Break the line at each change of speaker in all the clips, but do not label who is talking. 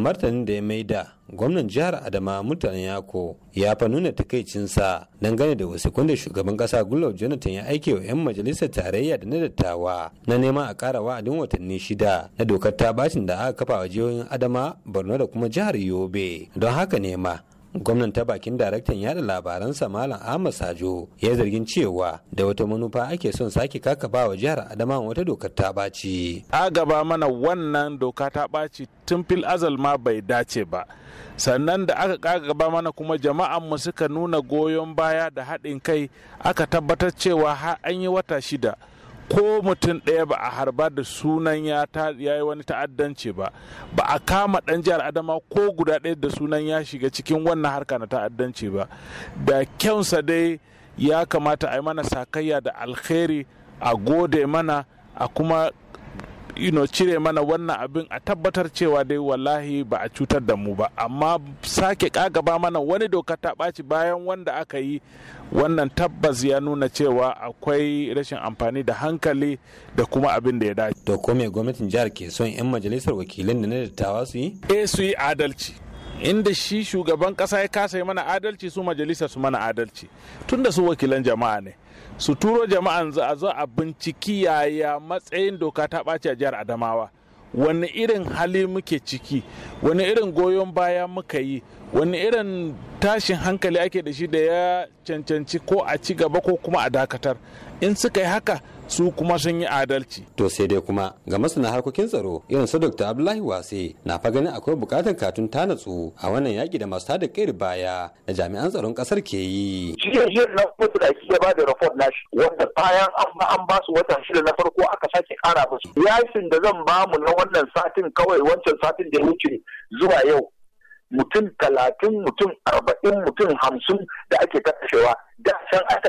martanin da ya maida gwamnan jihar adama mutanen yako ya fa nuna takaicinsa dangane da wasu kunda shugaban kasa gullau jonathan ya aike wa 'yan majalisar tarayya da na dattawa na neman a kara wa'adin watanni shida na dokar ta bacin da aka kafa wa jihohin adama borno da kuma jihar yobe don haka nema gwamnan ta bakin daraktan yada labaransa malam ahmad sajo ya zargin cewa da wata manufa ake son sake kaka ba wa jihar adama wata dokar ta ɓaci
a gaba mana wannan doka ta ɓaci tun fil azal ma bai dace ba sannan da aka kagaba mana kuma jama'an mu suka nuna goyon baya da haɗin kai aka tabbatar cewa har an yi wata shida ko mutum ɗaya ba a harba da sunan ya yi wani ta'addanci ba ba a kama ɗan jihar adama ko guda ɗaya da sunan ya shiga cikin wannan harka na ta'addanci ba da kyansa dai ya kamata a yi mana sakayya da alkhairi a gode mana a kuma you know, cire mana wannan abin a tabbatar cewa dai wallahi ba a cutar da mu ba amma sake kagaba mana wani doka ta ɓaci bayan wanda aka yi wannan tabbas ya nuna cewa akwai rashin amfani da hankali da kuma abin da ya dace. To kome gwamnatin jihar ke son 'yan majalisar wakilin da na dattawa su yi? Eh su yi adalci. inda shi shugaban kasa ya kasa yi mana adalci su majalisa su mana adalci tun da su wakilan jama'a ne su turo jama'an za a zo a binciki yaya matsayin doka ta ɓaci a jihar adamawa wani irin hali muke ciki wani irin goyon baya muka yi wani irin tashin hankali ake da shi da ya cancanci ko a ci gaba ko kuma a dakatar in suka yi haka su kuma sun yi
adalci to sai dai kuma ga masana harkokin tsaro irin su dr abdullahi wase na fa ganin akwai bukatar katun ta natsu a wannan yaki da masu tada kai baya da jami'an tsaron kasar ke yi jiya jiya na mutu da ya ba da report nashi wanda bayan an ba su watan shida na farko
aka sake kara musu yashin da zan ba mu na wannan satin kawai wancan satin da ya wuce zuwa yau mutum talatin mutum arba'in mutum hamsin da ake ta da can aka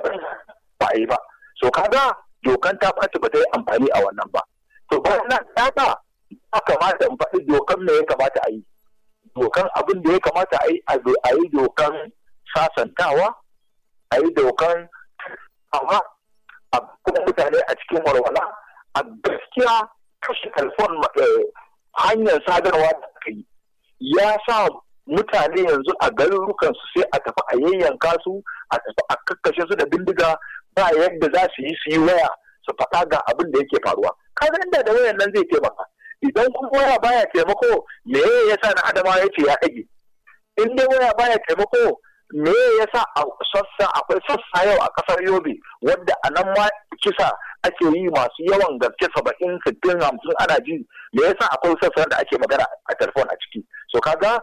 ba a yi ba so kaga dokan ta ɓaci ba ta yi amfani a wannan ba to bayan nan ta a kamata in faɗi dokan me ya kamata a yi dokan abin da ya kamata a yi a yi dokan sasantawa a yi dokan amma a kuma mutane a cikin warwala, a gaskiya kashe telefon eh, hanyar sadarwa da aka yi ya sa mutane yanzu a rukansu sai a tafi a yayyanka su a tafi a kakkashe su da bindiga ba yadda za su yi su yi waya su faɗa ga abin da yake faruwa kaga inda da wayan nan zai taimaka idan kuma waya baya taimako me ya sa na adama ya ce ya ɗage in dai waya baya taimako me ya sa a sassa akwai sassa yau a ƙasar yobe wadda a nan ma kisa ake yi masu yawan gaske saba'in sittin hamsin ana ji me yasa akwai sassa da ake magana a telefon a ciki so ga.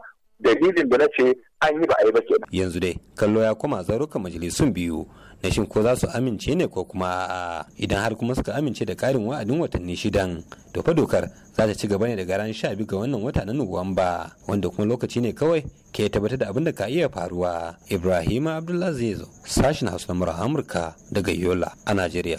dalilin da na ce an yi ba a yi ba kenan
yanzu dai kallo ya koma zarukan majalisun biyu na shin ko za su amince ne ko kuma idan har kuma suka amince da karin wa'adin watanni shidan to fa dokar za ta ci gaba ne daga ran sha biyu ga wannan wata na nuwamba wanda kuma lokaci ne kawai ke tabbatar da abin da ka iya faruwa ibrahima abdullahi zezo sashin hausa na amurka daga yola a najeriya